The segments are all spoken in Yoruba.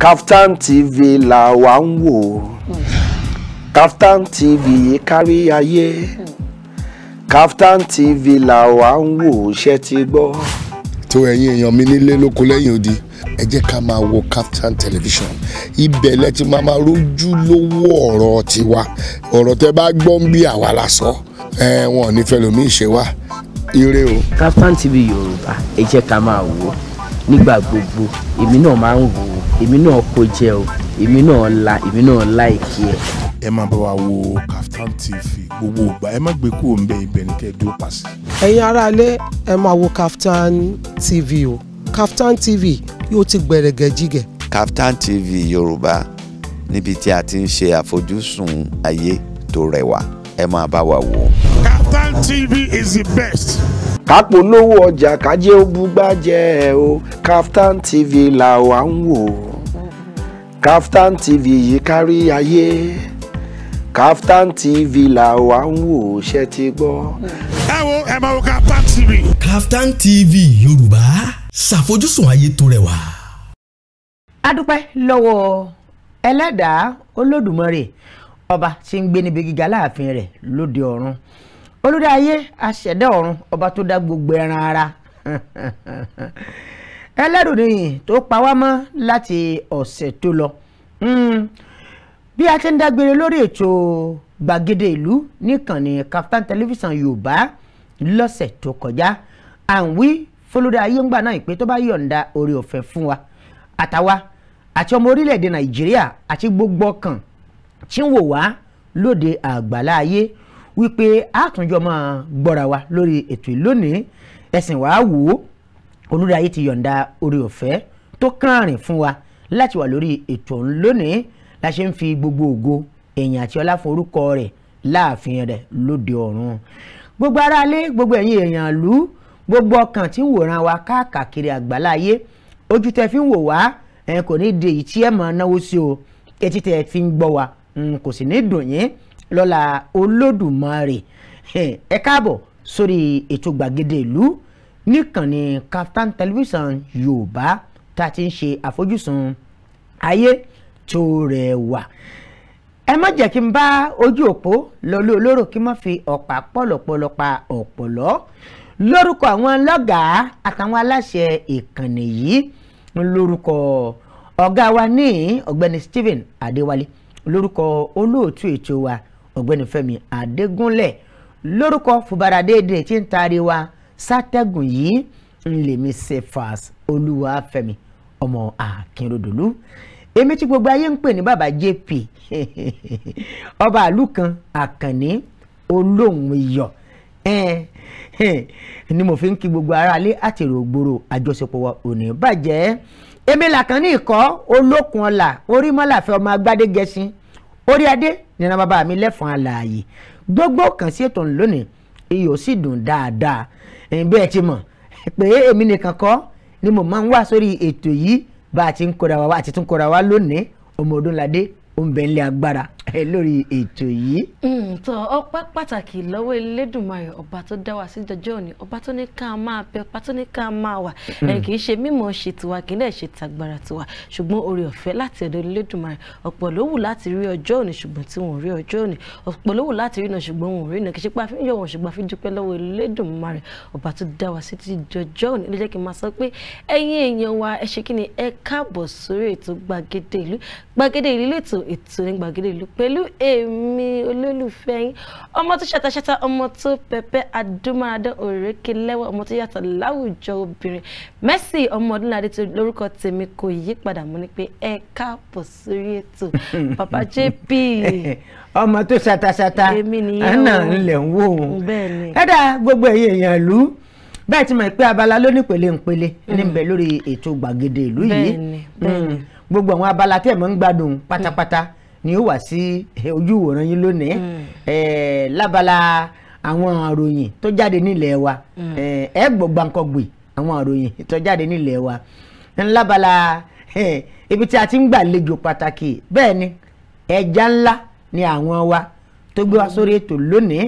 Kaftan TV la wa ń wò Kaftan TV kárí ayé Kaftan TV la wa ń wò ṣe ti gbọ́. tó ẹ̀yin èèyàn mi nílé lóko lẹ́yìn odi ẹ jẹ́ ká máa wo Captain television ibẹ̀ lẹ ti máa máa rójú lówó ọ̀rọ̀ tiwa ọ̀rọ̀ tẹ bá gbọ́ ń bí àwa la sọ ẹ wọn ò ní fẹ́ lómi ìṣe ire o. Kaftan TV Yorùbá ẹ jẹ́ ká máa wò ó nígbà gbogbo èmi náà máa ń wò ó èmi náà kó jẹ o èmi náà la èmi náà láìkí ẹ. ẹ máa bá wa wo Kaftan TV gbogbo ìgbà ẹ má gbé kúrò ń bẹ ibẹ̀ ní kẹ́ẹ́ dúró pàṣẹ. ẹ̀yin aráalé ẹ máa wo Kaftan TV o Kaftan TV yóò ti gbẹ̀rẹ̀gẹ̀ jígẹ̀. Kaftan TV Yorùbá níbi tí a ti ń ṣe àfojúsùn ayé tó rẹwà ẹ máa bá wa wò. Kaftan TV is the best kápolówó ọjà kájé ó búgbájẹ́ ẹ o Kaftan TV là wà ń wò ó. Kaftan TV yìí kárí ayé Kaftan TV la wà ń wò ṣe ti gbọ́. ẹ wo ẹ máa wo Kaftan TV. Kaftan TV Yorùbá ṣàfojúsùn ayé tó rẹwà. a dúpẹ́ lọ́wọ́ ẹlẹ́dàá olódùmarè ọba tí ń gbé níbi gíga láàfin rẹ̀ lóde ọ̀run olùdá ayé aṣẹ̀dá ọ̀run ọba tó dá gbogbo ẹran ara ẹlẹ́rùnìyìn tó pa wá mọ́ láti ọ̀sẹ̀ tó lọ hmm. bí a ti ń dágbére lórí ètò gbàgede ìlú níkànnì Kaftan television yorùbá lọ́sẹ̀ tó kọjá à ń wí fọlọ́dẹ ayéǹgbà náà ìpè tó bá yọ̀ǹda orí ọ̀fẹ́ fún wa àtàwa àti ọmọ orílẹ̀-èdè nàìjíríà àti gbogbo ọkàn tí ń wò wá lóde àgbàlá ayé wípé àtúnjọ máa gbọ́ra wa lórí ètò ìlónìí ẹ̀sìn wàá wò ó olùdarí ti yọ̀ǹda orí ọ̀fẹ́ tó kànrìn fún wa láti wà lórí ètò ọ̀hún lónìí la ṣe ń fi gbogbo ògo èèyàn àti ọlá fún orúkọ rẹ̀ láàfin rẹ̀ lóde ọ̀run gbogbo aráalé gbogbo ẹ̀yin èèyàn ìlú gbogbo ọkàn tí ń wòran wa káàkiri àgbáláyé ojú tẹ fi ń wò wá ẹ̀yin kò ní di èyí tí ẹ̀ máa náwó sí o etí tẹ fi ń gbọ́ wa kò sì ní dùn yín lọ́la Olódùmarè ẹ káàbọ̀ sórí ètò gbàgede ìlú níkànnì Kaftan television yorùbá tá a ti ń ṣe àfojúsùn ayé tó rẹwà ẹ má jẹ́ kí n bá ojú òpó lọ́lọ́ olóró kí n má fi ọ̀pá pọ̀lọ̀pọ̀lọ̀ pa ọ̀pọ̀lọ́ lórúkọ àwọn lọ́gàá àtàwọn aláṣẹ ìkànnì yìí lórúkọ ọ̀gá wa ní ọ̀gbẹ́ni Stephen Adéwálé lórúkọ olóòtú ètò wa ọ̀gbẹ́ni Fẹ́mi Adégúnlẹ̀ lórúkọ fùbàràdéédé tí ń taari wa sátẹ́gùn yìí ń lèmi Cephas Olúwafẹ́mi ọmọ Akínrodòlú èmi tí gbogbo ayé ń pè ní bàbá JP ọba àlù kan àkànní olóhùn iyọ̀ ni mo fi ń kí gbogbo aráalé àtèrò ògbòrò àjọṣepọ̀ wa ò ní bàjẹ́ èmi làkàn ní ìkọ́ olókun ọ̀la orímọ́láfẹ́ ọmọ agbádé gẹṣin orí adé nínú bàbá mi lẹ́fọ̀n alààyè gbogbo kàn sí ètò lónìí iyọ̀ sì dùn dáadáa bẹ́ẹ̀ ti mọ̀ pé èmi nìkan kọ́ ni mo máa ń wá sórí ètò yìí bá a ti ń kóra wa àti tún kóra wa lónìí ọmọ Ọdúnládé ó ń bẹ nílé agbára ẹ lórí ètò yìí. Mm, tọ ọpẹ́ pàtàkì lọ́wọ́ Elédùmarè ọba tó dá wa sí jọjọ òní ọba tó ní ká máa bẹ ọba tó ní ká máa wà mm. ẹ kì í ṣe mímọ̀ ṣe tiwa kì í dẹ̀ ṣe tagbára tiwa ṣùgbọ́n oore ọ̀fẹ́ láti ọ̀dọ̀ Elédùmarè ọ̀pọ̀ ló wù láti rí ọjọ́ òní ṣùgbọ́n tí wọn ò rí ọjọ́ òní ọ̀pọ̀ ló wù láti rí náà ṣùgbọ́n wọn ò rí náà kì í ṣe pé àfihàn wọn ṣùgbọ́n àfi dúpẹ́ lọ́wọ́ Elédùmarè wa sí jọjọ òní ló jẹ́ kí n máa sọ pé ẹ̀yin èèyàn wa ẹ ṣe kí ni ẹ pẹ̀lú èmi olólùfẹ́ yín ọmọ tó ṣàtàṣàtà ọmọ tó pẹpẹ adúmáradán òrékè lẹ́wọ̀ ọmọ tó yàtọ̀ láwùjọ obìnrin Mercy ọmọ Ọdúnládé tó lórúkọ tèmi kò yí padà mú ni pé ẹ káàbọ̀ sórí ètò bàbá JP. ọmọ tó ṣàtàṣàtà àná ńlẹ̀ ń wò ó ẹ̀dá gbogbo ẹ̀yìn èèyàn lù bẹ́ẹ̀ ti mọ̀ pé abala lónípele ńpele níbẹ̀ lórí ètò gbàgede ìlú yìí mm. gbogbo àwọn abala tí ẹ̀ mọ̀ ń gbádùn pátápátá. Mm ni ó wà sí ojú ìwòran yín lónìí mm. lábala àwọn àròyìn tó jáde nílẹ̀ wa mm. ẹ gbọ̀gbà nǹkan gbè àwọn àròyìn tó jáde nílẹ̀ wa lábala ibi tí a ti ń gbàlejò pàtàkì bẹ́ẹ̀ ni ẹja ńlá ni àwọn wa tó gbé wa mm. sórí ètò lónìí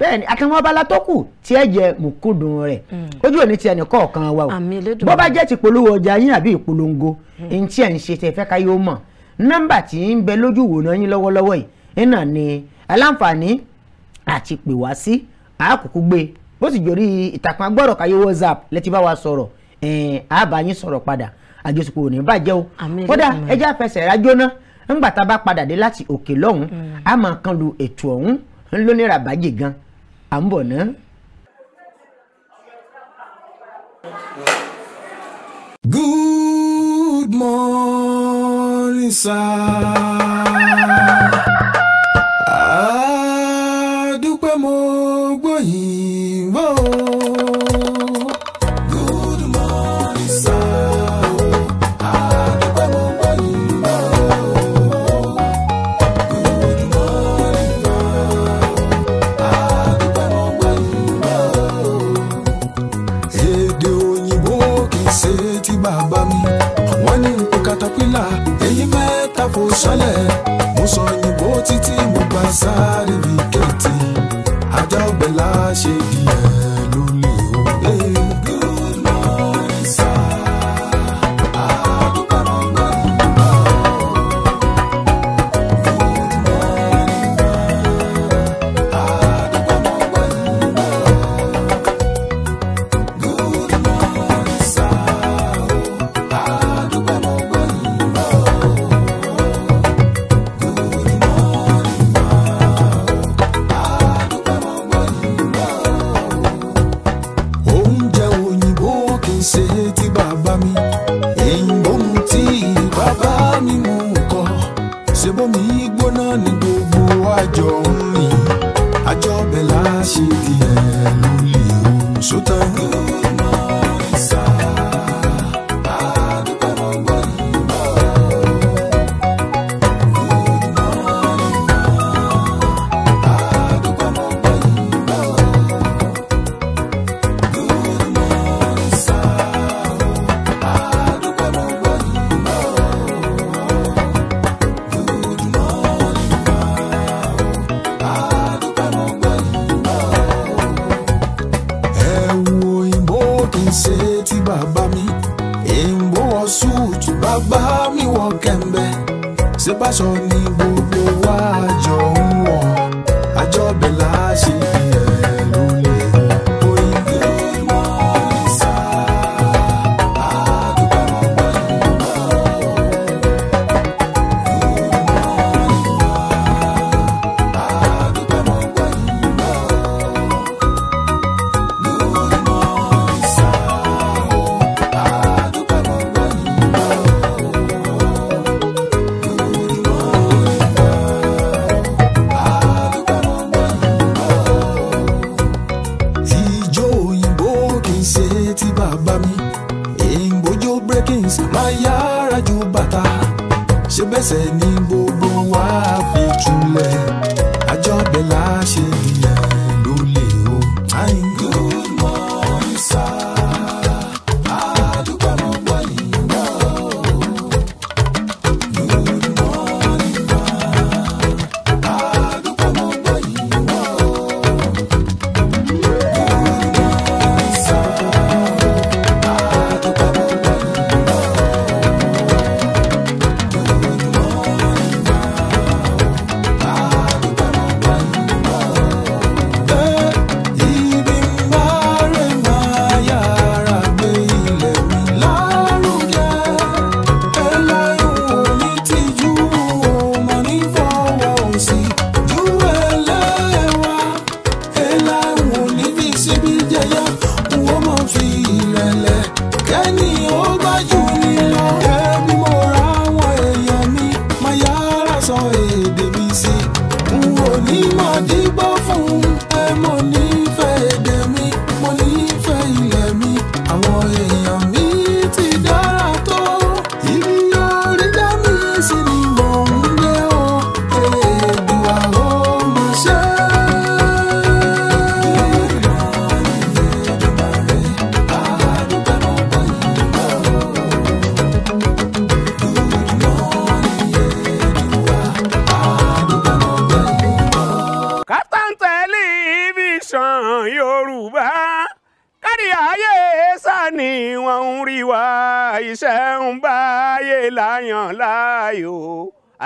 bẹ́ẹ̀ ni àtàwọn abala tó kù tí ẹ jẹ mùkúndùn rẹ̀ ojú òní ti ẹnì kọ̀ọ̀kan wa o bó bá jẹ́ ti polówó ọjà yín àbí ìpolongo ní ẹ̀ ń ṣe tẹ̀ fẹ́ ká yóò mọ̀ nọ́mbà tí ń bẹ lójú ìwòran yín lọ́wọ́lọ́wọ́ yìí náà ni aláǹfààní àti pè wá sí àákùkù gbé bó e. sì jòrí ìtàkùn agbọ́rọ̀ káyé WhatsApp lẹ́tí bá wa sọ̀rọ̀ àbá yín sọ̀rọ̀ padà àjọṣepọ̀ òní bàjẹ́ o kódà ẹjẹ́ àfẹsẹ̀ rájọ́ náà ńgbà tá a bá padà dé láti òkè lọ́hùn mm. a máa kan lu ètò ọ̀hún ńlónírà bàjẹ́ gan à ń bọ̀ náà. Good morning. inside.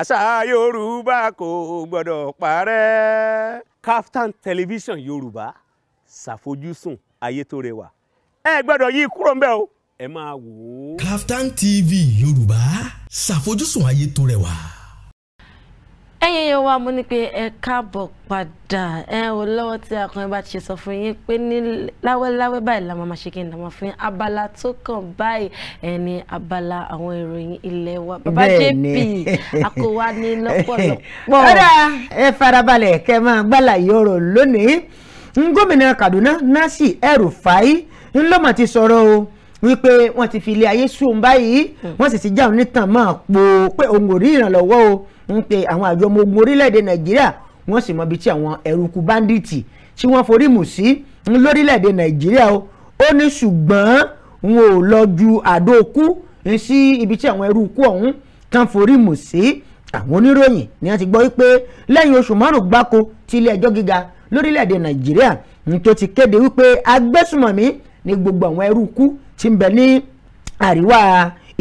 àṣà yorùbá kò gbọ́dọ̀ parẹ́. Kaftan television yorùbá ṣàfojúsùn ayé tó rẹwà ẹ gbọ́dọ̀ yí kúrò ń bẹ̀ o ẹ máa wò ó. Kaftan TV yorùbá ṣàfojúsùn ayé tó rẹwà ẹ̀yin yẹn wá mo ní pé ẹ káàbọ̀ padà ẹ ò lọ́wọ́ tí akọrin bá ti ṣe sọ fún yín pé ní láwẹ́láwẹ́ báyìí la máa ṣe kí n dàmọ́ fún yín abala tó kàn báyìí ẹ ní abala àwọn ìròyìn ilé wa bàbá jp akọwa ní lọ́pọ̀lọpọ̀. ọ̀dà ẹ farabalẹ̀ kẹ́ máa gbálà yọ̀rọ̀ lónìí gómìnà Kaduna Nasir El-Rufai ńlọ́mọ̀ ti sọ̀rọ̀ o wípé wọ́n ti fi ilé ayé sùn báyìí hmm. wọ́n sì ti já òun nítàn mọ́ àpò pé òun ò rí ìrànlọ́wọ́ o ń pe àwọn àjọ ọmọ ogun orílẹ̀-èdè nàìjíríà wọ́n sì mọ ibi tí àwọn ẹ̀rùkù báńdíìtì tí wọ́n forí mù sí lórílẹ̀-èdè nàìjíríà o ó ní ṣùgbọ́n wọn ò lọ ju àdó okú sí ibi tí àwọn ẹrúkú ọ̀hún kan forí mù sí àwọn oníròyìn ni wọ́n ti gbọ́ wípé lẹ́yìn oṣù márùn-ún gbáko tí ilé ẹjọ́ gíga lórílẹ̀‐èdè nàìjíríà tó ti kéde wípé agbésùmọ̀mí ni gbogbo àwọn ẹrúkú tí ń bẹ ní àríwá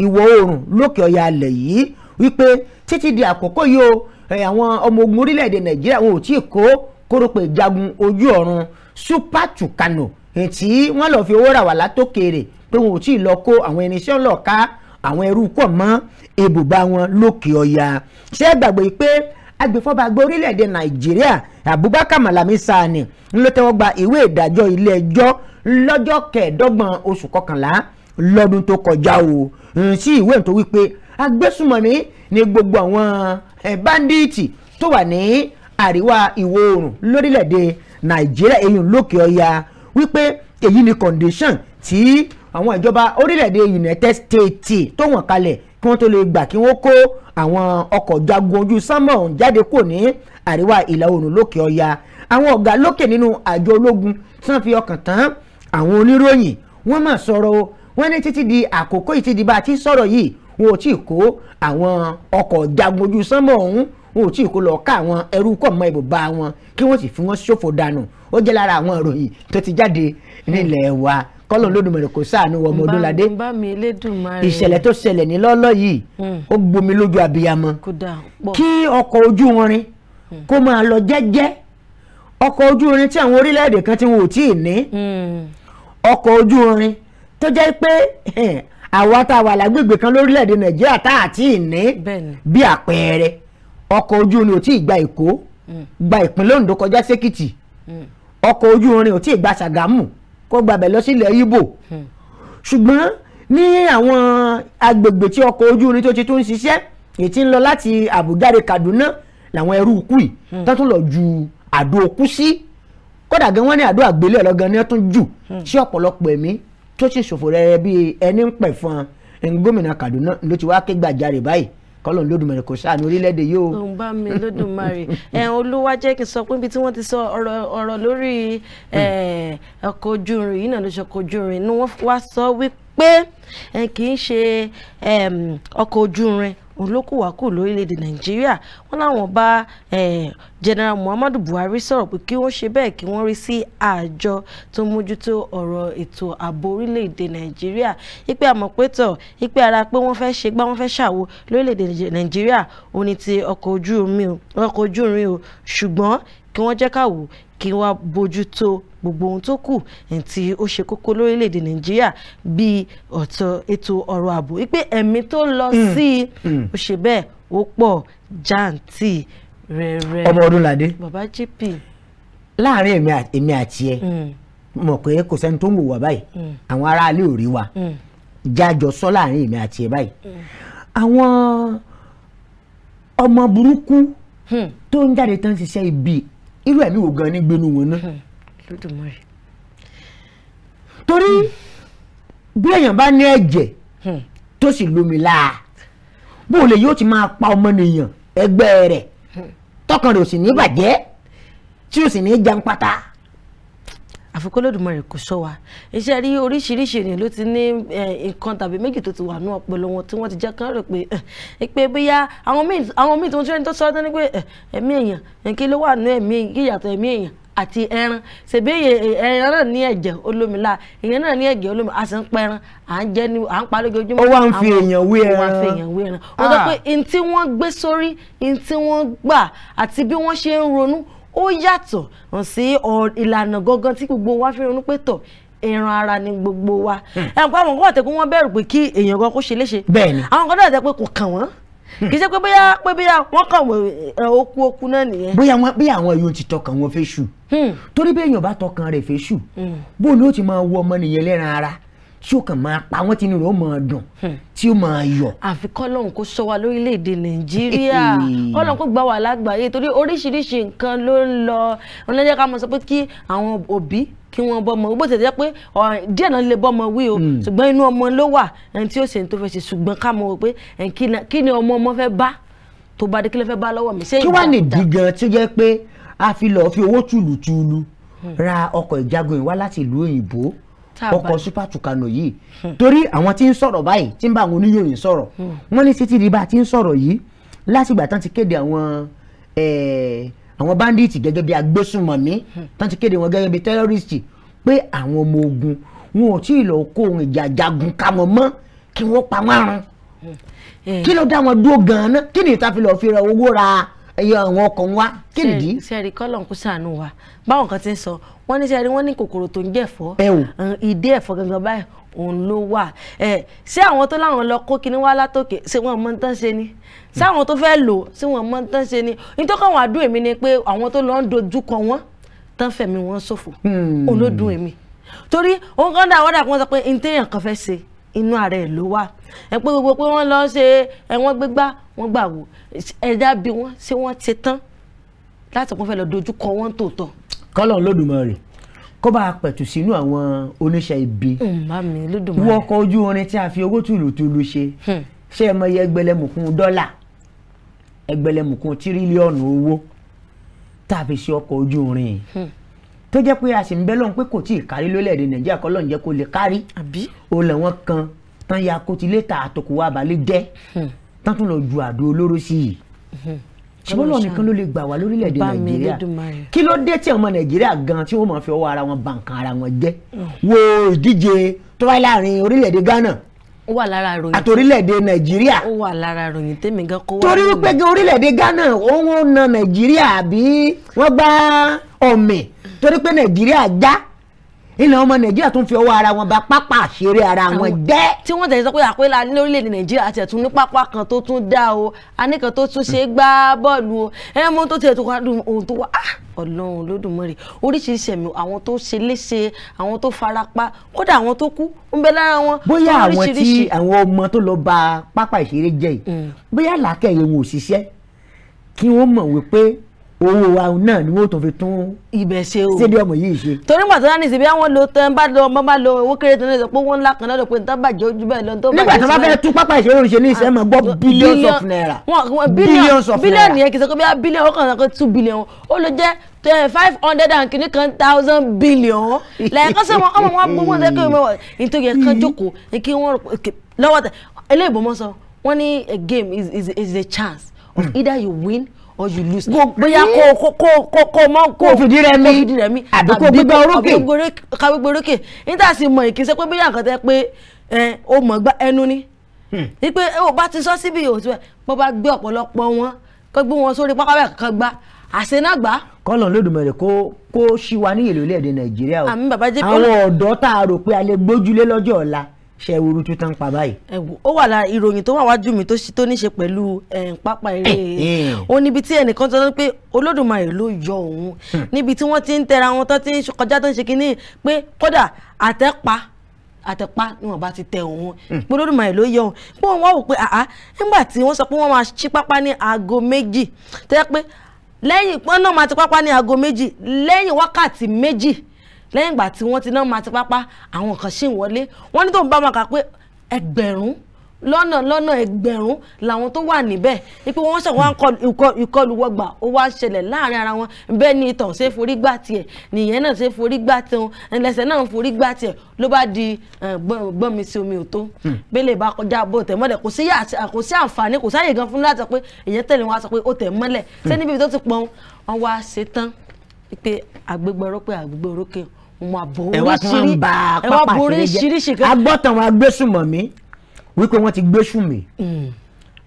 ìwọ̀ oòrùn lókè ọ̀yà alẹ̀ yìí wípé títí di àkókò yìí o àwọn ọmọ ogun orílẹ̀-èdè nàìjíríà wọn ò tí ì kó kórópè jagun ojú ọ̀run super tucano tí wọ́n lọ́ọ́ fi owó rà wá látòkèrè pé wọn ò tí ì lọ kó àwọn irinṣẹ́ ọlọ́ọ̀ká àwọn ẹrú pọ̀ mọ́ ibùba wọn lókè ọ̀yà ṣé gbàgbé pé agbèfọ́ba gba orílẹ̀-èdè nàìjíríà Abubakar Malami Sani ń ló tẹ́wọ́ gba ìwé ìdájọ́ ilé ẹjọ́ lọ́jọ́ kẹẹ̀ẹ́dọ́gbọ̀n oṣù kọkànlá lọ́dún tó kọjá o sí ìwé tó wípé agbésùmọ̀mí ni gbogbo àwọn báńdíìtì tó wà ní àríwá ìwọ̀ oòrùn lórílẹ̀‐èdè nàìjíríà èyí lókè ọya wípé èyí ni condition tí àwọn ìjọba orílẹ̀‐èdè united states tó wọ̀n kalẹ̀ kí wọ́n tó lè gbà kí wọ́n kó àwọn ọkọ̀ jagun ojú sánmọ̀ jáde kò ní àríwá ìlà oòrùn lókè ọya àwọn ọ̀gá lókè nínú àjọ ológun tí wọ́n fi ọkàn tán àwọn oníròyìn wọ́n mà sọ̀rọ̀ o wọ́n ní títí di àkókò yìí ti di bá a ti sọ̀rọ̀ yìí wọn ò tí ì kó àwọn ọkọ̀ jagun ojú sánmọ̀ ọ̀hún wọn ò tí ì kó lọ ká àwọn ẹrú kọ̀ mọ́ ibùba wọn kí wọ́n sì fi wọ́n ṣòfò dànù ó jẹ́ lára àwọn ìròyìn tó ti jáde nílẹ̀ wa kọ́lọ̀ lódùmarè kò sáànù ọmọ ọdúnládé ìṣẹ̀lẹ̀ tó ṣẹlẹ̀ ní lọ́lọ́ yìí hmm. ó gbomi lójú abiyamọ kí ọkọ̀ ojú irin hmm. kó máa lọ jẹ́jẹ́ ọkọ̀ ojú irin tí àwọn orílẹ̀-èdè kan tí wọn ò tí ì ní hmm ọkọ̀ ojú irin tó jẹ́ pé àwa tá a wà lágbègbè kan lórílẹ̀‐èdè nàìjíríà tá a ti ní bí àpẹẹrẹ ọkọ̀ ojú irin ò tí ì gba èkó mm. gba ìpínlẹ̀ ondo kọjá sékìtì mm. ọkọ̀ ojú irin ò tí ì gba ṣàgámù kó gbàbẹ̀ lọ sílẹ̀ ibo mm. ṣùgbọ́n ní àwọn agbègbè tí ọkọ̀ ojú irin tó ti tún ń ṣiṣẹ́ èyí ń lọ láti àbújáde kaduna làwọn ẹrú kù yìí tó tún lọ ju àdó okú sí. Si kódà gan wọ́n ní àdó àgbélé ọlọ́gan ní ọtún jù hmm. sí ọ̀pọ̀lọpọ̀ ẹ̀mí tó sì ṣòfò rẹ̀ bíi ẹni ń pẹ̀ fún un gómìnà Kaduna ló ti wá ké gbàjarè báyìí kọlọ́n lódùmarè kò sáà ní orílẹ̀-èdè yìí o. ń bá mi lódùmarè ẹ̀hún olúwa jẹ́ kí n sọ pé ibi tí wọ́n ti sọ ọ̀rọ̀ lórí hmm. ọkọ̀ ojú irin yìí náà ló ṣe ọkọ̀ ojú irin ni wọ́n wá sọ wípé kì í ṣe ọkọ̀ ojú irin òun ló kù lórílẹ̀‐èdè nàìjíríà wọ́n láwọn bá general muhammadu buhari sọ̀rọ̀ pé kí wọ́n ṣe bẹ́ẹ̀ kí wọ́n rí sí àjọ tó mójútó ọ̀rọ̀ ètò ààbò orílẹ̀‐èdè nàìjíríà ipe àmọ̀pẹ́tọ̀ ipe ara pé wọ́n fẹ́ ṣe gbá wọ́n fẹ́ ṣàwo lórílẹ̀‐èdè nàìjíríà òun ti ọkọ̀ ojú irin o ṣùgbọ́n kí wọ́n jẹ́ ká kí wọ́n bójútó gbogbo ohun tó kù tí ó ṣe kókó lórílẹ̀‐èdè nàìjíríà bíi ọ̀tọ̀ ètò ọ̀rọ̀ ààbò wípé ẹ̀mí tó lọ mm, sí i mm. ó ṣe bẹ́ẹ̀ ó pọ̀ jàǹtì rẹ̀rẹ̀. ọmọ ọdúnládé bàbá jp. láàrin èmi àti ẹ mm. mọ̀ pé kò sẹ́ni tó ń wò wá báyìí àwọn aráalé ò rí wa jájọ sọ láàrin èmi àti ẹ báyìí àwọn ọmọ burúkú hmm. tó ń jáde tán ṣiṣẹ́ ibi irú ẹ̀mí wo gan ni gbénu wọn náà. Hmm, torí hmm. bí èèyàn bá ní ẹ̀jẹ̀ hmm. tó sì lómi láà bó o lè yóò ti máa pa ọmọnìyàn ẹgbẹ́ rẹ̀ tọkàn rẹ̀ ò sì ní bàjẹ́ tí ò sì ní jẹun pátá àfikún Olódùmarè kò sọ wa iṣẹ́ rí oríṣiríṣi ènìyàn ló ti ní eh, nǹkan tàbí méjì tó ti wà ní ọpọlọ wọn tí wọ́n ti jẹ́ kán rò pé eh, pé bóyá àwọn míì àwọn míì tó ń tún tó sọ ọ́ ní pé eh, ẹ̀mí èèyàn kí ló wà ní ẹ̀mí kí yàtọ̀ ẹ̀mí èèyàn àti ẹran ṣèbí ẹran náà ní ẹ̀jẹ̀ olómìnira èèyàn náà ní ẹ̀jẹ̀ olómìnira a sì ń pa ẹran à ń jẹ ní à ń pa lójoojúmọ́ ó wá ń fi èèyàn wé ẹran ó wá ń fi èèyàn wé ẹran ó sọ ah. pé n wọ́n gbé sórí n wọ́n gbà àti bí wọ́n ṣe ń ronú ó yàtọ̀ sí ìlànà gangan tí gbogbo wa fi ronú pé tọ̀ ẹran ara ni gbogbo wa hmm. ẹ̀ ń pa àwọn nǹkan ọ̀tẹ̀kùn wọn bẹ̀rù pé kí èèyàn gan kó ṣe léṣe bẹ́ẹ̀ni àwọn nǹkan ọ̀tẹ̀kùn pé kò kàn wọ́n hmm. kì í ṣe pé bóyá pé bóyá wọ́n kàn wọ́n okú okú náà nìyẹn. bóyá wọn bí àwọn yóò ti tọkàn wọn fẹ́ ṣù hmm. torí bí èèyàn bá tọkàn rẹ̀ fẹ́ ṣù bóun ni ó ti máa wọ ọmọ nìyẹn lẹ́ran ara tí ó kàn máa pa wọ́n tí inú rẹ̀ ó máa dùn hmm. tí ó máa yọ̀. àfi kọ́lọ́hún kó sọ wa lórílẹ̀‐èdè nàìjíríà kọ́lọ́hún kó gbà wá lágbàáyé torí oríṣiríṣi nǹkan ló ń lọ òun lẹ́jẹ́ ká mọ̀ sọ pé kí àwọn òbí kí wọ́n bọ́mọ bó tẹ̀ jẹ́ pé díẹ̀ náà lè bọ́mọ wí o hmm. ṣùgbọ́n inú ọmọ ló wà ẹni tí ó ṣe ń tó fẹ́ ṣe ṣùgbọ́n ká mọ̀ pé kí ni ọmọ ọmọ fẹ́ bá tó bá dé kí ló fẹ́ bá lọ́wọ́ mi. kí wàá nìdí gan tó jẹ́ pé a fi lọ́ọ́ fi owó tùlùtùlù hmm. ra ọkọ̀ ìjagun ìwá láti ìlú òyìnbó ọkọ̀ super Tucano yìí torí àwọn tí ń sọ̀rọ̀ báyìí tí ń bá àwọn oníròyìn sọ̀rọ̀ hmm. wọ́n ní títí di bá a ti ń sọ̀rọ̀ yìí látìgbà tán ti kéde àwọn àwọn bandits gẹ́gẹ́ bí agbésùnmọ̀mí hmm. tán ti kéde wọn gẹ́gẹ́ bí terrorist pé àwọn ọmọ ogun wọn ò tí ì lọ kó ohun ìjà jagun ká wọn mọ́ kí wọ́n pa wọ́n run hmm. eh. kí ló dá wọn dúró gan-an kí ni ìta fi lọ́ọ́ fi ra owó ra ẹyọ àwọn ọkọ̀ wa kí nìdí. sẹ́ẹ̀rì kọ́lọ̀n kó sànù wa báwọn kan ti ń sọ wọ́n ní sẹ́ẹ̀rì wọ́n ní kòkòrò tó ń jẹ̀fọ́ ìdí ẹ̀fọ́ gangan báyìí òun ló wà ẹ ṣé àwọn tó láwọn lọ kó kinní wá látòkè ṣé wọn mọ tán ṣe ni ṣé àwọn tó fẹ́ lò ṣé wọn mọ tán ṣe ni nítorí àwọn àdúrà èmi ni pé àwọn tó lọ ń dojú kọ wọn tán fẹ̀mí wọn ṣòfò hmm. òun ló dùn èmi torí òun kàn dá àwọn dà kí wọ́n sọ pé ntẹ́yàn kan fẹ́ ṣe inú ara ẹ̀ ló wà ẹ pé gbogbo pé wọ́n lọ ṣe ẹ̀wọ̀n gbégbá wọ́n gbà wò ẹ̀dá bí wọ́n ṣé wọ́n ti tán láti kún fẹ́ lọ dojú kọ wọ́n tòótọ́. kọ́lọ̀ lódùmarè kó bá a pẹ̀tù sínú àwọn oníṣẹ́ ibi mm, wọ́n ọkọ̀ ojú irin tí a fi owó tùlùtùlù ṣe hmm. ṣé ẹ mọ iye ẹgbẹ̀lẹ́mùkún dọ́là ẹgbẹ̀lẹ́mùkún tírílíọ̀nù owó tá a fi ṣe ọkọ̀ ojú irin yìí hmm tó jẹ́ pé a sì ń bẹ́ lọ́n pé kò tí ì kárí lólẹ̀ nàìjíríà kọ́ lọ́n jẹ́ kó lè kárí o làwọn kan tán ya kótílétà àtòkò wa balẹ̀ jẹ́ hmm. tán tún lọ ju àdó olóró sí i hmm. ṣùgbọ́n lọ́ọ̀ nìkan ló lè gbà wá lórílẹ̀‐èdè nàìjíríà kí ló dé tí ọmọ nàìjíríà gan tí wọ́n máa fi ọwọ́ ara wọn ba nǹkan ara wọn jẹ́ hmm. wo ìdíje tó wáyé láàrin orílẹ̀‐èdè ghana ó wà lára ìròyìn àtòrílẹ̀-èdè nàìjíríà ó wà lára ìròyìn tèmi gan kó wà torí wípé orílẹ̀-èdè ghana òun na nàìjíríà àbí wọ́n gbá ọ̀mẹ̀ torí pé nàìjíríà já. Ja ilẹ̀ ọmọ nàìjíríà tó ń fi ọwọ́ ara wọn ba pápá àṣeré ara wọn jẹ́. tí wọ́n tẹ̀sí sọ pé àpẹẹlẹ ní orílẹ̀-èdè nàìjíríà ti ẹ̀tún ní pápá kan tó tún dá o anìkan tó tún ṣe gbá bọ́ọ̀lù o ẹ mọ tó tiẹ̀ tó wá dùn ohun tó wá ah! ọlọ́run lódùmarè oríṣiríṣi ẹ̀mí àwọn tó ṣe léṣe àwọn tó farapa kódà àwọn tó kú ń bẹ lára wọn. bóyá àwọn tí àwọn ọmọ tó lọ ba pápá ìṣeré jẹ́ yìí mm. bóyá owó wa náà ni wọ́n tún fi tún ibẹ̀ ṣe o stadiumu yìí ṣe. torí pàtó náà ní ìsìnkú àwọn lo tán bá lọ ọmọ bá lo owó kéré tán lọ pé wọn ńlá kan lọ pé nǹkan bàjẹ́ ojú bẹ́ẹ̀ lọ tó bàjẹ́. nígbà tí wọ́n fẹ́ tún pápá ìṣeré oníṣẹ́ ní ìṣẹ́ máa gbọ́ billions of naira. billions of naira billions yẹn kì í ṣe pé bí billion ọkàn náà kò two billion ó lè jẹ́ eh, five hundred and kìíní kan thousand billion lẹ́ẹ̀kan sọ wọn ọmọ wọn gbogbo ọ̀sẹ̀ kí wọ́n nítorí ẹ̀kan jókòó kí wọ́n lọ́wọ́ tẹ̀ eléyìí bọ́mọ sọ wọ́n ní a game is, is, is a chance of hmm. either you win or you lose. bóyá kó kó kó kó mọ kó fìdí rẹ mi fìdí rẹ mi àbí kó gbígbá orókè kàwé gbórókè níta sì mọ ìkínsẹ́ pé bóyá nǹkan tẹ pé ẹ o mọ̀ gbá ẹnu ni. wípé hmm. o bá ti sọ síbi òtún ẹ bọ́ bá gbé ọ̀pọ̀lọpọ̀ wọn kó gbé wọn sórí pápá bẹ́ẹ̀ kankan gbá àṣenágbá. kọ́lọ̀ lódùmọ̀rẹ̀ kó kó ṣíwa ní ìlú ilẹ̀ èdè nàìjíríà o àwọn ọ̀dọ́ tá a rò pé a lè gbójúlé lọ́jọ́ ọ̀la ṣe wo rutu tán pa báyìí. ẹ wo ó wà lára ìròyìn tó wà wájú mi tó ní ṣe pẹ̀lú pápá eré eh, eh. ó níbi tí ẹnìkan tó ń pé olódùmarè ló yọ òun hmm. níbi tí wọ́n ti ń tẹra wọn tó ti ń kọjá tó ń ṣe kínní pé kódà àtẹ́pa àtẹ́pa ni wọ́n bá ti tẹ òun hmm. pé olódùmarè ló yọ òun pé wọ́n wò pé àá nígbà tí wọ́n sọ pé wọ́n máa ṣí pápá ní aago méjì tẹ́ pé lẹ́yìn pọ́n náà máa ti pápá ní aago méjì lẹ́yìn wákàtí méjì lẹ́yìn ìgbà tí wọ́n ti náà máa ti pápá àwọn kan ṣì ń wọlé wọ́n ní tó ń bá wọn kà pé ẹgbẹ̀rún lọ́nà lọ́nà ẹgbẹ̀rún làwọn tó wà níbẹ̀ ipò wọn ṣàwọn ìkọlù wọgbà ó wá ṣẹlẹ̀ láàrin ara wọn bẹ́ẹ̀ ni ìtàn ṣe forí gbà tiẹ̀ nìyẹn náà ṣe forí gbà tiwọn ẹlẹ́sẹ̀ náà forí gbà tiẹ̀ ló bá di gbọ́n mi sí omi ò tó hmm. bẹ́lẹ̀ bá kọjá bó tẹ̀ mọ́lẹ̀ kò sí àǹfààní kò sáyè gan fún láti sọ pé èyàn tẹ̀lé wọn sọ pé ó tẹ̀ mọ́lẹ̀ sẹ́ni hmm. bíbi tó ti pọn wọn wá ṣetán pé àgbégbọ̀rọ̀ pé àgbégbọ̀rọ̀ kẹ́hìn wọn àbóríṣiríṣi agbọ́tàn wọn agbésùmọ̀ mi wípé wọ́n ti gbésùn mi hmm.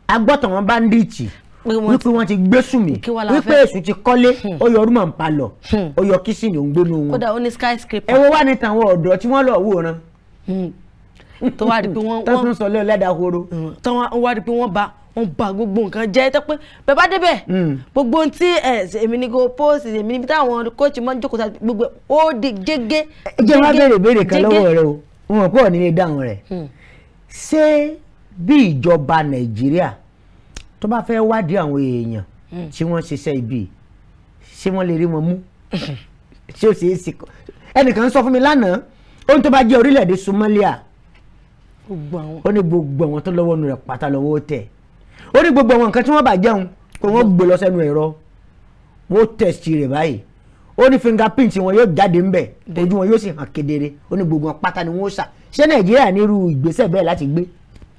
agbọ́tàn wọn báńdíìtì wípé wọ́n ti gbésùn mi wípé èṣù ti kọ́lé hmm. ó yọ rúmọ̀ ń palọ̀ hmm. ó yọ kìsìnì òun gbénu wọn kódà ó ní skyscraper ẹ wo wá ní tàwọn ọ̀dọ́ tí wọ́n lọ wòran tó wá rí pé wọ́n tó tún sọ lẹ́ẹ̀lẹ́dàá horo tó wá rí pé wọ́n ba wọ́n bà gbogbo nǹkan To tó pé bẹ́ẹ̀ bá débẹ̀ hmm. gbogbo ohun tí èmi ni kò post èmi níbi táwọn kóòtù máa ń jókòó sáà gbogbo ó di jẹ́gẹ́. jẹ́ wá béèrè béèrè kan lọ́wọ́ rẹ o wọn ò pọ̀ nílé dáhùn rẹ̀ hmm. ṣé bí ìjọba nàìjíríà tó bá fẹ́ wádìí àwọn èèyàn hmm. tí wọ́n ṣiṣẹ́ ibi ṣé wọ́n lè rí wọn mú ṣé ó ṣeé ṣe ẹnìkan sọ fún mi lánàá ohun tó bá jẹ́ orílẹ̀-èdè Somalia ó ní gbogbo àwọn tó lọ́wọ́ nù rẹ̀ pátá lọ́wọ́ tẹ̀ ó ní gbogbo àwọn nǹkan tí wọ́n bà jẹun kó wọ́n gbé lọ sẹ́nu ẹ̀rọ wọ́n test rẹ̀ báyìí ó ní fingerprint wọn yóò jáde ńbẹ̀ ojú wọn yóò sì hàn kedere ó ní gbogbo wọn pátá ni wọ́n sà ṣé nàìjíríà nírú ìgbésẹ̀ bẹ́ẹ̀ láti gbé.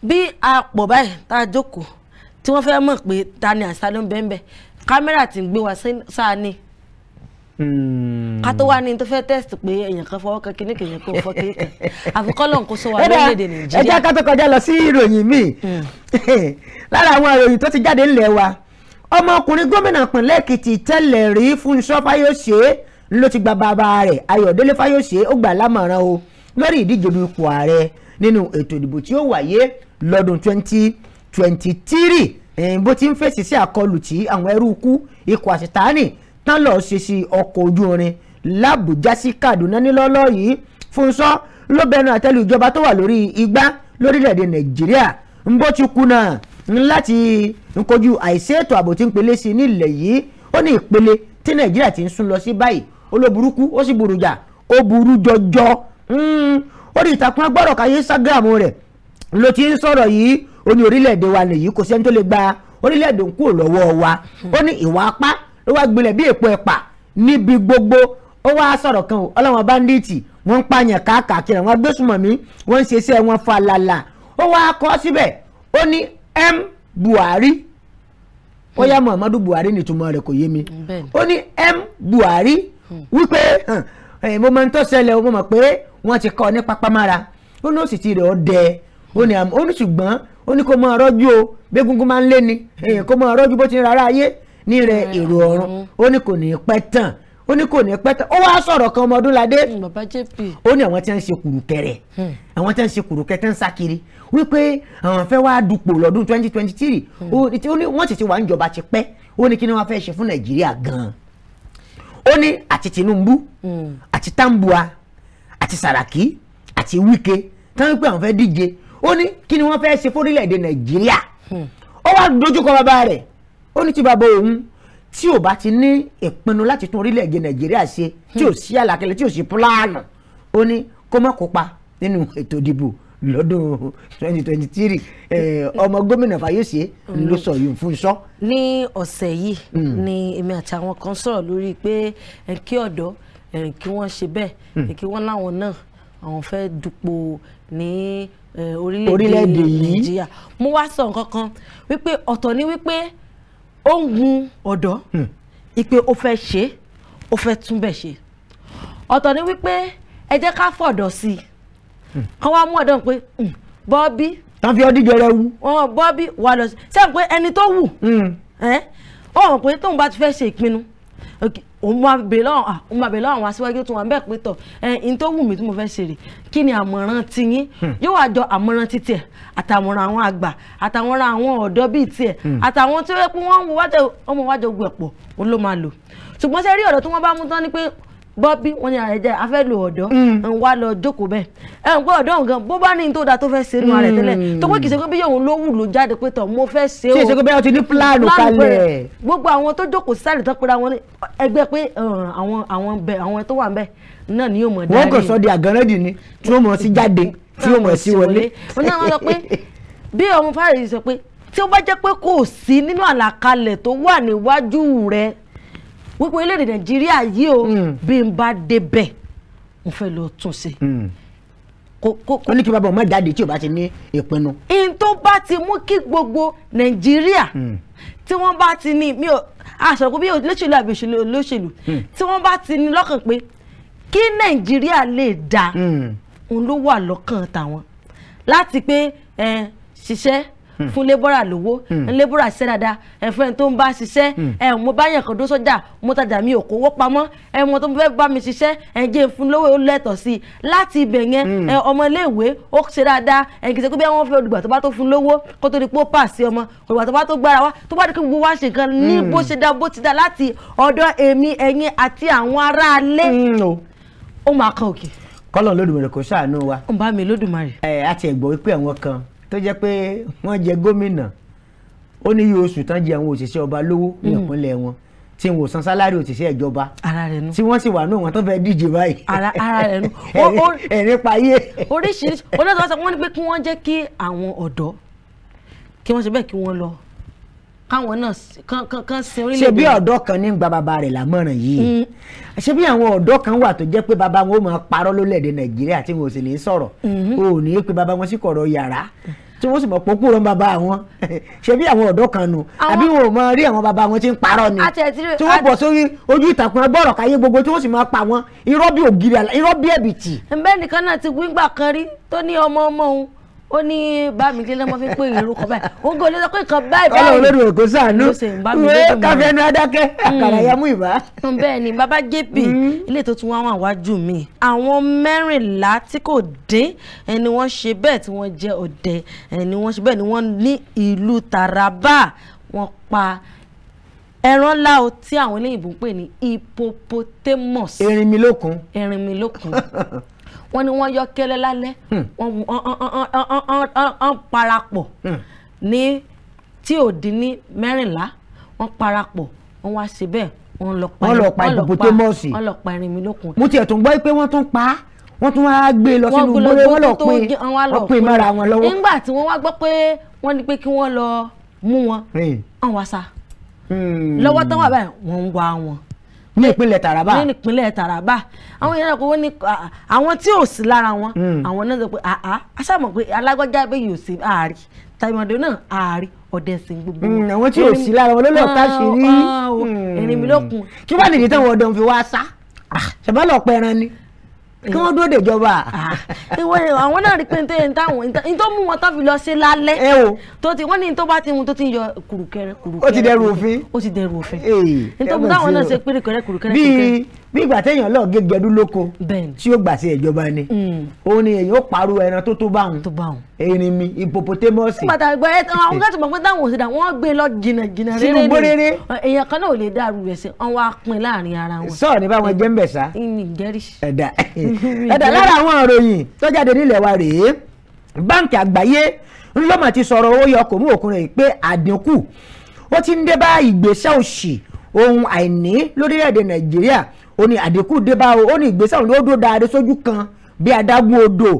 bí a pọ̀ báyìí tá a jókòó tí wọ́n fẹ́ mọ̀ pé ta ni àṣà ló ń bẹ́ẹ̀ bẹ́ẹ̀ kámẹ́rà ti ń gbé wa sáà ni ká tó wá ní tó fẹ́ test pé èèyàn kan fọwọ́ kan kíní kèèyàn kò fọ́ kíní kan àfi kọ́lọ̀ kó sọ wà lórílẹ̀‐èdè nàìjíríà. ẹ jẹ́ ká tó kọjá lọ sí ìròyìn míì lára àwọn ìròyìn tó ti jáde ńlẹ̀ wa ọmọkùnrin gómìnà pínlẹ̀ èkìtì tẹ́lẹ̀ rí fúnṣọ́ fáyọ̀ṣe ló ti gba bàbá rẹ̀ ayọ̀délé fáyọ̀ṣe ó gbà lámọ̀ràn o lórí ìdíje ipò ààrẹ nínú ètò ìdìbò tí ó wáyé lọ́dún 2023 bó ti ń fèsì sí àkọlù tí àwọn ẹrú ikú ikọ̀ àṣetánì tán lọ ṣe sí ọkọ̀ ojú irin lábùjá sí Kaduna nílọ́lọ́ yìí sọ ló bẹnu àtẹ́lù ìjọba tó wà lórí igbá lórílẹ̀‐èdè Nàìjíríà ń bó ti kùnà láti kojú àìsí ètò ààbò tí ń pelé sí nílẹ̀ yìí ó ní ìpele tí Nàìjíríà ti ń sún lọ sí báyìí olóburúkú ó jọjọ hmm, ó ìtàkùn káyé Instagram rẹ̀ ló ti ń sọ̀rọ̀ yìí ó ní orílẹ̀-èdè wa nìyí kò gba orílẹ̀-èdè ń kúrò ló wá gbilẹ̀ bí èpo ẹ̀pà níbi gbogbo ó wá sọ̀rọ̀ kan o ọlọ́wọ́n bandits wọ́n ń pààyàn káàkiri àwọn agbésùmọ̀mí wọ́n ń ṣe iṣẹ́ wọn falala ó wá kọ́ síbẹ̀ ó ní m Buhari ó yá Muhammadu Buhari nìtumọ̀ rẹ̀ kò yé mi ó ní m Buhari hmm. wípé mo máa ń tó ṣẹlẹ̀ mo mọ̀ pé wọ́n ti kọ́ ní pápámára ó ní òsì ti rẹ̀ dẹ ó ní ṣùgbọ́n ó ní kó máa rọ́jú o bí egungun máa ń lé ni hmm. kó máa rọ́jú bó ti ń rárá ayé nírẹ̀ èrò ọ̀run ó ní kò ní pẹ́ tán ó ní kò ní pẹ́ tán ó wá sọ̀rọ̀ kan ọmọ ọdún ládé hmm, ó ní àwọn tí wọ́n ń ṣe kùrùkẹrẹ hmm. àwọn tí wọ́n ń ṣe kùrùkẹrẹ tí ń sá kiri wípé àwọn fẹ́ wá dupò lọ́dún twenty twenty three hmm. ó ní wọ́n ti ti wà níjọba ti pẹ́ ó ní kí ni wọ́n fẹ́ ṣe fún nàìjíríà gan ó ní àti Tinubu àti Tambua àti Saraki àti Wike táwọn pé àwọn fẹ́ díje ó ní kí ni wọ́n fẹ́ ṣe fórílẹ̀-èdè nàìjíríà ó wá dojúkọ bàbá rẹ̀ ó ní tí bàbá òun tí ò bá ti ní ìpinnu láti tún orílẹ̀-èdè nàìjíríà ṣe tí ò sí àlàkalẹ̀ tí ò sí pílánù ó ní kó má kópa nínú ètò ìdìbò lọ́dún twenty twenty three ọmọ gómìnà fayose mm. ló sọ yìí fún sọ. ní ọ̀sẹ̀ yìí mm. ni èmi àtàwọn kan sọ̀rọ̀ lórí pé kí ọ̀dọ́ kí wọ́n ṣe bẹ́ẹ̀ mm. kí wọ́n láwọn náà àwọn fẹ́ dupò ní orílẹ̀-èdè nàìjíríà mo wá sọ nǹkan kan wípé ọ̀tọ̀ ni wípé ó ń gun ọ̀dọ́ ìpè hmm. ó fẹ́ ṣe ó fẹ́ túnbẹ̀ ṣe ọ̀tọ̀ ni wípé ẹ jẹ́ ká fọ̀dọ̀ sí i hmm. kán wá mú ọ̀dọ́ pé hmm, bọ́bí. tán fi ọdí jẹrẹ wú. bọ́bí wà lọ sí sẹ́yìn pé ẹni tó wù ó mọ̀ pé tóun bá ti fẹ́ ṣe ìpinnu òun máa bè lọ́wọ́ à òun ah, máa bè lọ́wọ́ àwọn aṣíwájú tó wà ń bẹ́ẹ̀ pé tọ̀ ẹ̀yìn tó wù mí tí mo fẹ́ ṣe rè kí ni àmọ̀ràn ti yín hmm. yóò wá jọ àmọ̀ràn ti tiẹ̀ àtàmọ̀ràn àwọn àgbà àtàwọn àwọn ọ̀dọ́ bíi tiẹ̀ hmm. àtàwọn tí wọ́n pé wọ́n ń wájọ ọmọ wájọ gbẹ̀pọ̀ òun ló máa lò ṣùgbọ́n ṣe rí ọ̀dọ́ tí wọ́n bá mú tán ni pé bọ́bí wọn ni àrẹ̀jẹ́ afẹ́lò ọ̀dọ́ ń mm. wá lọ jókòó bẹ́ẹ̀ ẹ̀ ń gbọ́ ọ̀dọ́ nǹkan bó bá ní ní tó da tó fẹ́ ṣe nu ààrẹ tẹ́lẹ̀ mm. tó pé kìí ṣe pé bí òun ló wù ló jáde pé tọ̀ mo fẹ́ ṣe o ṣe ṣe pé bẹ́ẹ̀ o ti ní pílánù kalẹ̀ gbogbo àwọn tó jókòó sáré tán pera wọn ẹgbẹ́ pé uh, àwọn àwọn bẹ àwọn tó wà ń bẹ náà ni yóò mọ̀ dáre. wọ́n kò sọ di àgànrẹ́dì ni tí ó mọ̀ sí jáde tí ó mọ̀ sí wọlé. bí ọmọ fáyọ̀ sọ pé tí ó bá jẹ́ pé kò sí nínú àlàkalẹ̀ tó wà níwájú rẹ̀ wípé orílẹ̀-èdè nàìjíríà yìí o hmm. bí n bá débẹ̀ mo fẹ́ lọ tún ṣe. Hmm. ó ní kí bàbá ọmọ jáde tí o bá ti ní ìpinnu. in tó bá ti mú kí gbogbo nàìjíríà hmm. tí wọ́n bá ti ní mi ò àṣàkó bí olóṣèlú àbí olóṣèlú tí wọ́n bá ti ní lọ́kàn pé kí nàìjíríà lè dáa òun ló wà lọ́kàn tàwọn láti pé ṣiṣẹ́ Hmm. fún lébọ́rà lówó hmm. lébọ́rà ṣiṣẹ́ dáadáa ẹ̀fọ́ ẹni tó ń bá ṣiṣẹ́ hmm. ẹ̀ mo bá yàn kàn dó sọ́jà mo tajà mi ò kówó pamọ́ ẹ̀ mo tó fẹ́ bá mi ṣiṣẹ́ ẹ̀ jẹ́ fún lówó ó lẹ́tọ̀ sí i láti ibẹ̀ yẹn ẹ̀ ọmọ iléèwé ó ṣe dáadáa ẹ̀ kì í ṣe pé bí wọ́n fẹ́ olùgbà tó bá tó fún lówó kó tó di pé ó pà sí ọmọ olùgbà tó bá tó gbára wá tó bá di pé gbogbo wá ṣe nǹkan ní bó ṣe dá bó ti dá láti tó jẹ́ pé wọ́n jẹ gómìnà ó ní iye oṣù tán jẹ àwọn òṣìṣẹ́ ọba lówó ní hmm. ìpínlẹ̀ wọn tí wọn ò san sálárì òṣìṣẹ́ ìjọba ara rẹ nu tí wọ́n sì wà náà wọn tó fẹ́ díje báyìí ara ara rẹ nu ẹ̀rín payé. oríṣiríṣi onídàájọ́ wọn ní pé kí wọ́n jẹ́ kí àwọn ọ̀dọ́ kí wọ́n ṣe bẹ́ẹ̀ kí wọ́n lọ káwọn náà kán kán se orílẹ̀-èdè. ṣé bí ọ̀dọ́ kan ní gba bàbá rẹ̀ lámọ̀ràn yìí mm. ṣé bí àwọn ọ̀dọ́ kan wà tó jẹ́ pé bàbá wọn ó máa parọ́ lólẹ̀dẹ̀ nàìjíríà tí wọn ò sì ní sọ̀rọ̀ o mm-hmm. ò ní pé bàbá wọn sì kọ̀rọ̀ yàrá tí wọ́n sì mọ̀ pé kúrò ń bàbá wọn ṣe bí àwọn ọ̀dọ́ kan nù àbí wọn ò mọ rí àwọn bàbá wọn tí ń parọ́ ni tí wọ́n bọ̀ sórí ojú ìtàkùn agbọ́rọ̀ káyé gbogbo tí wọ́n sì máa pa wọn irọ́ bí ògiri irọ́ bí ẹ̀bìtì. bẹ́ẹ̀ nìkan náà ti wíńgbà kan rí tó ní ọmọ ọmọ òun ó ní bámidé lọ́mọ fi pé ìrú kan báyìí ó ń gbé olóòtú pé kan báyìí báyìí. ọlọ́run lórí òkú sànú wé káfíẹ́nu adákẹ́ hmm. àkàrà yẹmú ìbá. Hmm, bẹ́ẹ̀ ni bàbá jp hmm. ilé tó tún wá wọn àwájú mi àwọn mẹ́rìnlá tí kò dín ẹni wọ́n ṣe bẹ́ẹ̀ tí wọ́n jẹ́ ọdẹ ẹni wọ́n ṣe bẹ́ẹ̀ ni wọ́n ní ìlú Taraba wọ́n pa ẹran ńlá o tí àwọn eléyìnbó ń pè ní hippopotamus. erinmilókun. erinmilókun. wọ́n ní wọ́n yọ kẹ́lẹ́ lálẹ́ wọ́n parapọ̀ hmm. ní tí ò dín ní mẹ́rìnlá wọ́n parapọ̀ wọ́n wá ṣe bẹ́ẹ̀ wọ́n lọ pa wọ́n lọ pa ìbùbùtẹ́mọ́ọ̀sì wọ́n lọ pa Erinmi lókun. mo tiẹ̀ tún gbọ́ pé wọ́n tún pa á wọ́n tún wáá gbé lọ sínú gbólé wọ́n lọ pin wọ́n pin mọ́ra wọn lọ́wọ́. nígbà tí wọ́n wá gbọ́ pé wọ́n ní pé kí wọ́n lọ mú wọn wọ́n wá sá hmm. lọ́wọ́ tán wà báyìí wọ́n ń wá wọn ní ìpínlẹ̀ Taraba ní ìpínlẹ̀ Taraba àwọn yẹn náà kò wọ́n ní àwọn tí ò sí lára wọn hmm. àwọn náà sọ pé àá aṣáàmọ̀ pé alágbájá bẹ́ẹ̀ yóò sí ààrí tàìmọ̀dé náà ààrí ọdẹ sin gbogbo. Hmm, àwọn tí ò sí lára wọn ló lọ ká rí hmm. ẹni mi ló kun. kí wàá nìyí táwọn ọdọ ń fi wá sá ṣàbálọ̀ pẹran ni kí wọ́n dúró de ìjọba. Ah, ìwọ àwọn náà rí pé nítorí táwọn nítorí mú wọn tó fi lọ sí lálẹ́. ẹ o tó ti wọ́n ní tó bá ti mu tó ti ń yọ kùrùkẹrẹ kùrùkẹrẹ. ó ti dẹrù òfin. ó ti dẹrù òfin. nítorí táwọn náà ṣe péré kẹrẹ kùrùkẹrẹ. bíi bí ìgbà téèyàn lọ gẹgẹdú lóko tí ó gbà sí ìjọba ni òun ni èyàn ó pàrọ̀ ẹran tó tó báwọn erin mi ipopotamus. nígbà tá a gbọ́ ẹ àwọn kan ti mọ̀ pé táwọn òṣèlú àwọn gbé lọ jìnnà jìnnà rere ni sínú gbóréré èèyàn kan náà ò lè dàrú rẹ̀ sí wọn wá pin láàrin ara wọn. sọ ni báwọn jẹ́ ń bẹ̀ sá. ẹ̀dà ẹ̀dà lára àwọn òròyìn tó jáde nílẹ̀ wa rèé báǹkì àgbáyé ńlọ́mà ti sọ̀rọ̀ owó yọ kòmú òkúnrin pé àdínkù ó ti ń dé bá ìgbésẹ̀ òṣì ohun àìní lórílẹ̀ ó ní àdínkù dé bá o ó ní ìgbésẹ̀ òun ló dó dáadé sójú kan bí adágún odò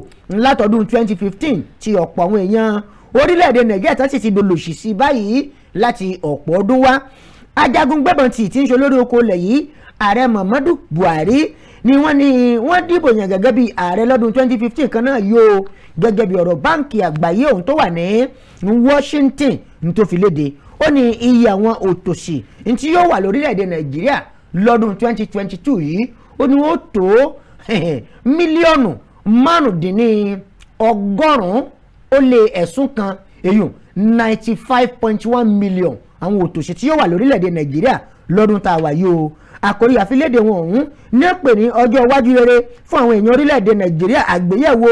látọdún 2015 tí ọ̀pọ̀ àwọn èèyàn orílẹ̀-èdè nàìjíríà tán sì ti dolòṣì sí báyìí láti ọ̀pọ̀ ọdún wá ajagun gbẹ̀bọ̀n tì tí ń ṣe olórí oko ilẹ̀ yìí ààrẹ muhammadu buhari ni wọ́n ní wọ́n dìbò yàn gẹ́gẹ́ bí ààrẹ lọ́dún 2015 kan náà yóò gẹ́gẹ́ bí ọ̀rọ̀ báǹkì àgbáyé ohun tó wà ní washington ní tó fi léde ó ní iye àwọn òtòṣì tí yóò wà lórílẹ̀-èdè nàìjíríà lọ́dún 2022 yìí ó ní ó tó mílíọ̀nù márùndínní ọgọ́rùn-ún ó lé ẹ̀sùn kan èyàn ninety five point one million àwọn òtòṣì tí yóò wà lórílẹ̀‐èdè nàìjíríà lọ́dún tá a wà yìí o àkórí àfilédè wọn ọ̀hún ní pè ní ọjọ́ iwájú rere fún àwọn èèyàn orílẹ̀‐èdè nàìjíríà àgbéyẹ̀wò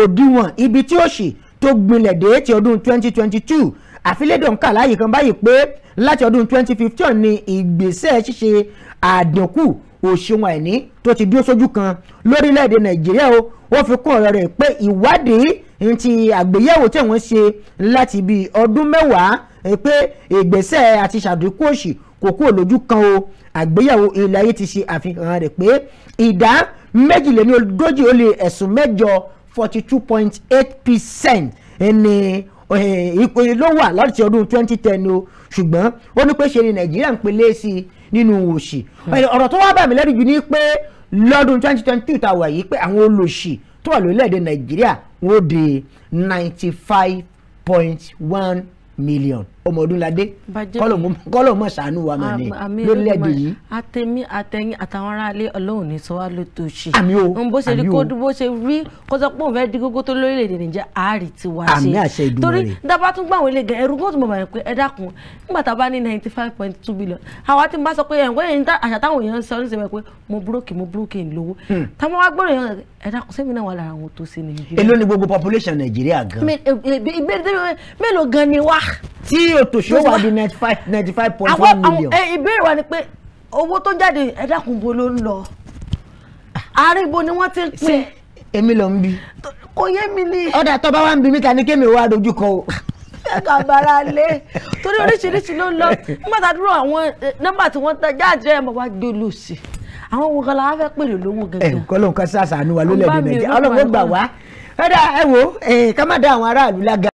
òdiwọ̀n ibi tí ó ṣì tó gbilẹ̀ dé ti ọdún twenty twenty two àfilédò ń kà láàyè kan báyìí pé láti ọdún 2015 ni ìgbésẹ̀ ṣíṣe àdínkù òṣùwọ̀n àìní tó ti dúró sójú kan lórílẹ̀‐èdè nàìjíríà o wọ́n fi kún ọ̀rọ̀ rẹ̀ pé ìwádìí ti àgbéyẹ̀wò tí wọ́n ṣe láti bí ọdún mẹ́wàá eh, pé ìgbésẹ̀ àti ṣàdínkù òṣì kò kúrò lójú kan o àgbéyẹ̀wò ilẹ̀ ayé ti ṣe àfihàn rẹ̀ pé ìdá méjìléní ó lé ẹ̀sùn mẹ́jọ forty percent eh, ni Eh, ìpele ló wà láti ọdún twenty ten o ṣùgbọ́n ó ní pé ṣe ni nàìjíríà ń pele sí i nínú òṣì hmm. eh, ọ̀rọ̀ tó wá bà mí lẹ́rù jù ni pé lọ́dún twenty twenty two tàwa yìí pé àwọn olòṣì tó wà lórílẹ̀‐èdè nàìjíríà wọ́n di ninety five point one million ọmọ Ọdúnládé kọ́lọ̀ mọ̀ ṣàánú wa mọ̀ ni lórílẹ̀‐èdè yìí. àtẹ̀mí àtẹ̀yìn àtàwọn aráalé ọlọ́run ní sọ wá ló tó ṣe. àmì o àmì o bó ṣe rí kódú bó ṣe rí kó sọ pé òun fẹ́ di gógó tó lórílẹ̀‐èdè Nàìjíríà ti wá ṣe. àmì àṣẹ ìdúró rẹ̀ torí dábàá tún gbà wọlé gan ẹrú góòtù bàbá yẹn pé ẹ dákun nígbà tá a bá ní ninety five point two billion àwa ti bá sọ pé ẹ̀ǹkọ́ yẹn àṣà táwọn èèyàn sọ ní sẹ́wọ̀n mo búrókì mo búrókì ń lówó hmm. táwọn wá gbọ́dọ̀ yẹn ẹ dákun sẹ́mi náà wà lára àwọn population Nàìjíríà gan. mélòó gan ni wá. tí lẹ́yìn òtòṣó oh wà di ninety five ninety five point one million. àwọn ìbéèrè wa ni pé owó tó ń jáde ẹ dákun bo ló ń lọ àríbo ni wọ́n ti ń pè. èmi ló ń bi. kò yé mi ni. ọ̀dà tó bá wà ń bi mí ta ni kémi wá dojú kọ o. ẹ̀ka bara lé torí oríṣiríṣi ló ń lọ nígbà tá a dúró àwọn nọ́mbà tí wọ́n ta jáde ẹ̀ mọ̀ wá gbé lòsì àwọn wo gan la wá fẹ́ pèrè lówó gẹ́gẹ́. ẹ kọ́lọ́n kan ṣàṣàánú wa lólè ní nàìjíríà ọlọ́run ó gbà wá. ẹ